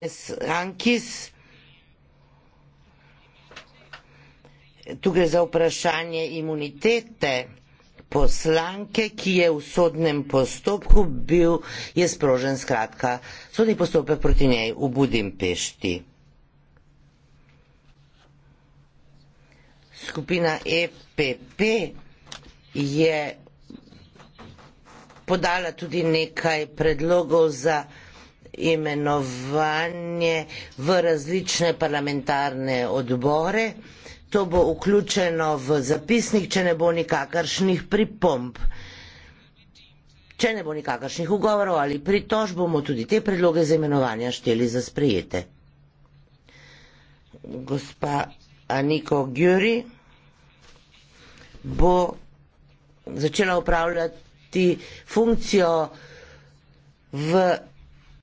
Es Rankis, tu gre za vprašanje imunitete poslanke, ki je v sodnem postopku bil, je sprožen skratka sodni postopek proti njej v Budimpešti. Skupina EPP je podala tudi nekaj predlogov za vprašanje, imenovanje v različne parlamentarne odbore. To bo vključeno v zapisnik, če ne bo nikakršnih pripomb. Če ne bo nikakršnih ugovorov ali pritož, bomo tudi te predloge za imenovanja šteli za sprejete. Gospa Aniko Gjuri bo začela upravljati funkcijo v